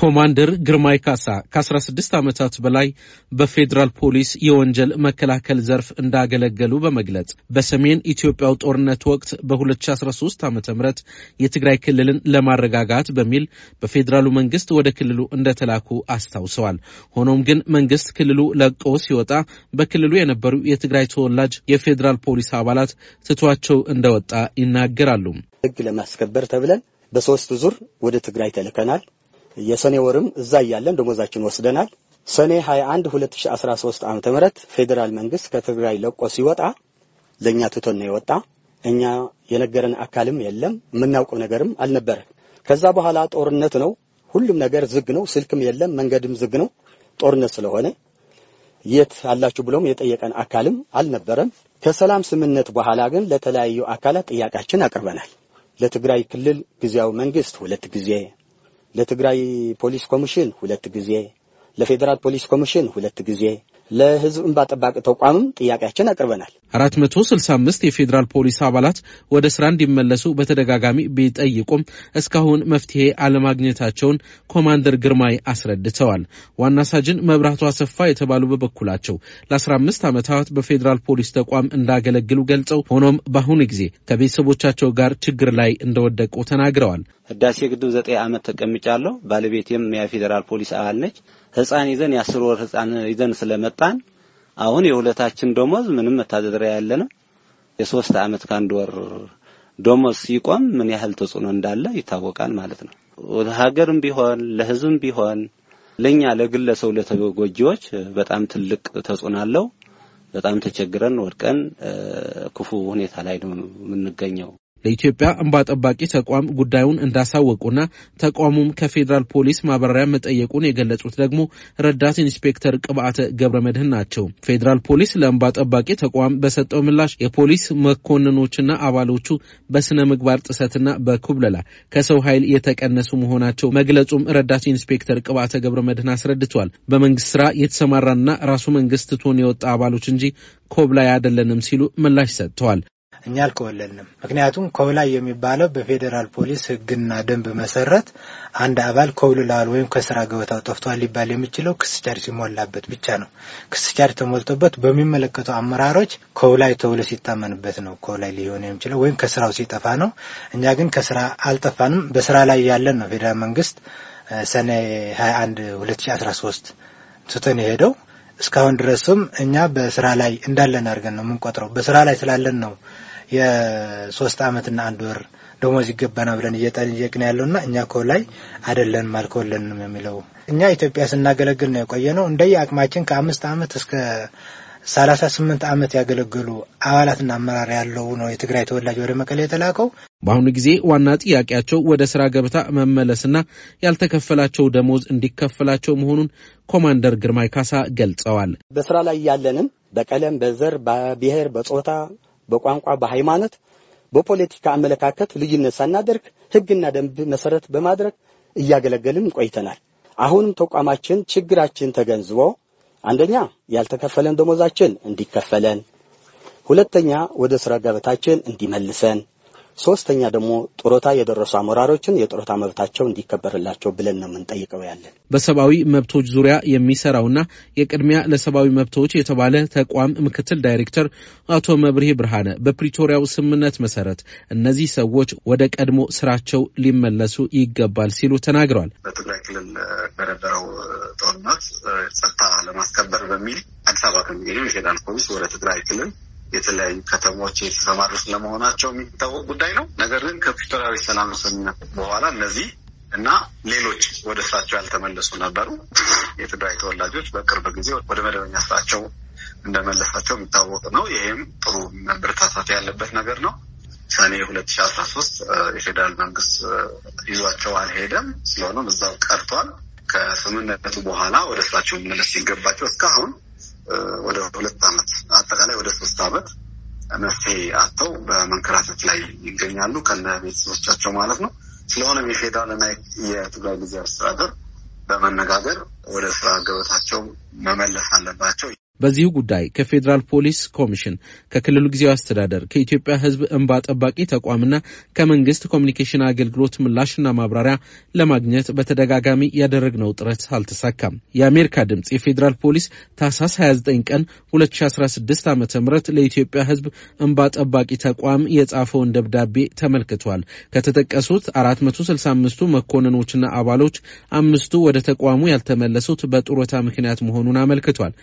ኮማንደር ግርማይ ካሳ ከ16 ዓመታት በላይ በፌዴራል ፖሊስ የወንጀል መከላከል ዘርፍ እንዳገለገሉ በመግለጽ በሰሜን ኢትዮጵያው ጦርነት ወቅት በ2013 ዓ ም የትግራይ ክልልን ለማረጋጋት በሚል በፌዴራሉ መንግስት ወደ ክልሉ እንደተላኩ አስታውሰዋል። ሆኖም ግን መንግስት ክልሉ ለቆ ሲወጣ በክልሉ የነበሩ የትግራይ ተወላጅ የፌዴራል ፖሊስ አባላት ትቷቸው እንደወጣ ይናገራሉ። ህግ ለማስከበር ተብለን በሶስት ዙር ወደ ትግራይ ተልከናል። የሰኔ ወርም እዛ እያለን ደሞዛችን ወስደናል። ሰኔ 21 2013 ዓ.ም ፌዴራል መንግስት ከትግራይ ለቆ ሲወጣ ለኛ ትቶን ነው የወጣ። እኛ የነገረን አካልም የለም የምናውቀው ነገርም አልነበረ። ከዛ በኋላ ጦርነት ነው። ሁሉም ነገር ዝግ ነው። ስልክም የለም፣ መንገድም ዝግ ነው። ጦርነት ስለሆነ የት አላችሁ ብሎም የጠየቀን አካልም አልነበረም። ከሰላም ስምምነት በኋላ ግን ለተለያዩ አካላት ጥያቄያችን አቅርበናል። ለትግራይ ክልል ጊዜያዊ መንግስት ሁለት ጊዜ ለትግራይ ፖሊስ ኮሚሽን ሁለት ጊዜ፣ ለፌዴራል ፖሊስ ኮሚሽን ሁለት ጊዜ ለህዝብ እንባ ጠባቂ ተቋምም ጥያቄያችን አቅርበናል። 465 የፌዴራል ፖሊስ አባላት ወደ ስራ እንዲመለሱ በተደጋጋሚ ቢጠይቁም እስካሁን መፍትሄ አለማግኘታቸውን ኮማንደር ግርማይ አስረድተዋል። ዋና ሳጅን መብራቱ አሰፋ የተባሉ በበኩላቸው ለ15 ዓመታት በፌዴራል ፖሊስ ተቋም እንዳገለግሉ ገልጸው ሆኖም በአሁኑ ጊዜ ከቤተሰቦቻቸው ጋር ችግር ላይ እንደወደቁ ተናግረዋል። ህዳሴ ግድብ ዘጠኝ ዓመት ተቀምጫለሁ። ባለቤቴም የፌዴራል ፖሊስ አባል ነች። ህፃን ይዘን የአስር ወር ህፃን ይዘን ስለመጣን አሁን የሁለታችን ደሞዝ ምንም መታደሪያ ያለንም የሶስት አመት ከአንድ ወር ደሞዝ ሲቆም ምን ያህል ተጽዕኖ እንዳለ ይታወቃል ማለት ነው። ሀገርም ቢሆን ለህዝብም ቢሆን ለኛ ለግለሰው ለተጎጂዎች በጣም ትልቅ ተጽዕኖ አለው። በጣም ተቸግረን ወድቀን ክፉ ሁኔታ ላይ ነው የምንገኘው። ለኢትዮጵያ እንባ ጠባቂ ተቋም ጉዳዩን እንዳሳወቁና ተቋሙም ከፌዴራል ፖሊስ ማብራሪያ መጠየቁን የገለጹት ደግሞ ረዳት ኢንስፔክተር ቅብአተ ገብረ መድህን ናቸው። ፌዴራል ፖሊስ ለእንባ ጠባቂ ተቋም በሰጠው ምላሽ የፖሊስ መኮንኖችና አባሎቹ በስነ ምግባር ጥሰትና በኩብለላ ከሰው ኃይል የተቀነሱ መሆናቸው መግለጹም ረዳት ኢንስፔክተር ቅብአተ ገብረ መድህን አስረድቷል። በመንግስት ስራ የተሰማራና ራሱ መንግስት ትቶን የወጣ አባሎች እንጂ ኮብላይ አይደለንም ሲሉ ምላሽ ሰጥተዋል። እኛ አልከወለልንም። ምክንያቱም ከውላይ የሚባለው በፌዴራል ፖሊስ ሕግና ደንብ መሰረት አንድ አባል ኮብልላል ወይም ከስራ ገበታው ጠፍቷል ሊባል የሚችለው ክስ ቻርጅ ሲሞላበት ብቻ ነው። ክስ ቻርጅ ተሞልቶበት በሚመለከተው አመራሮች ኮብላይ ተብሎ ሲታመንበት ነው ኮብላይ ሊሆን የሚችለው ወይም ከስራው ሲጠፋ ነው። እኛ ግን ከስራ አልጠፋንም። በስራ ላይ ያለን ነው። ፌዴራል መንግስት ሰኔ 21 2013 ትተን የሄደው እስካሁን ድረስም እኛ በስራ ላይ እንዳለን አድርገን ነው የምንቆጥረው። በስራ ላይ ስላለን ነው የሶስት አመትና አንድ ወር ደሞዝ ይገባና ብለን እየጠየቅን ያለውና እኛ ከላይ አይደለንም አልከወለንም የሚለው እኛ ኢትዮጵያ ስናገለግል ነው የቆየ ነው። እንደየ አቅማችን ከአምስት አመት እስከ ሰላሳ ስምንት አመት ያገለገሉ አባላትና አመራር ያለው ነው የትግራይ ተወላጅ ወደ መቀሌ የተላከው። በአሁኑ ጊዜ ዋና ጥያቄያቸው ወደ ስራ ገበታ መመለስና ያልተከፈላቸው ደሞዝ እንዲከፈላቸው መሆኑን ኮማንደር ግርማይ ካሳ ገልጸዋል። በስራ ላይ ያለንም በቀለም፣ በዘር፣ በብሔር፣ በጾታ በቋንቋ፣ በሃይማኖት፣ በፖለቲካ አመለካከት ልዩነት ሳናደርግ ህግና ደንብ መሰረት በማድረግ እያገለገልን ቆይተናል። አሁንም ተቋማችን ችግራችን ተገንዝቦ አንደኛ ያልተከፈለን ደሞዛችን እንዲከፈለን፣ ሁለተኛ ወደ ስራ ገበታችን እንዲመልሰን ሶስተኛ ደግሞ ጡረታ የደረሱ አመራሮችን የጡረታ መብታቸው እንዲከበርላቸው ብለን ነው የምንጠይቀው። ያለን በሰብአዊ መብቶች ዙሪያ የሚሰራውና የቅድሚያ ለሰብአዊ መብቶች የተባለ ተቋም ምክትል ዳይሬክተር አቶ መብርሄ ብርሃነ በፕሪቶሪያው ስምምነት መሰረት እነዚህ ሰዎች ወደ ቀድሞ ስራቸው ሊመለሱ ይገባል ሲሉ ተናግረዋል። በትግራይ ክልል በነበረው ጦርነት ጸጥታ ለማስከበር በሚል አዲስ አበባ ከሚገኘው የፌዴራል ፖሊስ ወደ ትግራይ ክልል የተለያዩ ከተሞች የተሰማሩ ስለመሆናቸው የሚታወቅ ጉዳይ ነው። ነገር ግን ከፕሪቶሪያዊ ሰላም ስምምነት በኋላ እነዚህ እና ሌሎች ወደ ስራቸው ያልተመለሱ ነበሩ። የትግራይ ተወላጆች በቅርብ ጊዜ ወደ መደበኛ ስራቸው እንደመለሳቸው የሚታወቅ ነው። ይህም ጥሩ መበረታታት ያለበት ነገር ነው። ሰኔ ሁለት ሺ አስራ ሶስት የፌዴራል መንግስት ይዟቸው አልሄደም። ስለሆነም እዛው ቀርቷል። ከስምምነቱ በኋላ ወደ ስራቸው መመለስ ሲገባቸው እስካሁን ወደ ዓመት መፍትሄ አጥተው በመንከራተት ላይ ይገኛሉ ከነ ቤተሰቦቻቸው ማለት ነው። ስለሆነም የፌዴራልና የትግራይ ጊዜያዊ አስተዳደር በመነጋገር ወደ ስራ ገበታቸው መመለስ አለባቸው። በዚሁ ጉዳይ ከፌዴራል ፖሊስ ኮሚሽን፣ ከክልሉ ጊዜያዊ አስተዳደር፣ ከኢትዮጵያ ሕዝብ እንባ ጠባቂ ተቋምና ከመንግስት ኮሚኒኬሽን አገልግሎት ምላሽና ማብራሪያ ለማግኘት በተደጋጋሚ ያደረግነው ጥረት አልተሳካም። የአሜሪካ ድምፅ የፌዴራል ፖሊስ ታህሳስ 29 ቀን 2016 ዓ ም ለኢትዮጵያ ሕዝብ እንባ ጠባቂ ተቋም የጻፈውን ደብዳቤ ተመልክቷል። ከተጠቀሱት 465ቱ መኮንኖችና አባሎች አምስቱ ወደ ተቋሙ ያልተመለሱት በጡረታ ምክንያት መሆኑን አመልክቷል።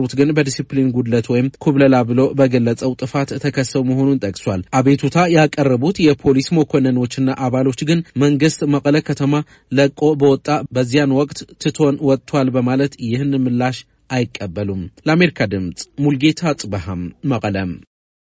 የቀረቡት ግን በዲሲፕሊን ጉድለት ወይም ኩብለላ ብሎ በገለጸው ጥፋት ተከሰው መሆኑን ጠቅሷል። አቤቱታ ያቀረቡት የፖሊስ መኮንኖችና አባሎች ግን መንግስት መቀለ ከተማ ለቆ በወጣ በዚያን ወቅት ትቶን ወጥቷል በማለት ይህን ምላሽ አይቀበሉም። ለአሜሪካ ድምፅ ሙልጌታ ጽበሃም መቀለም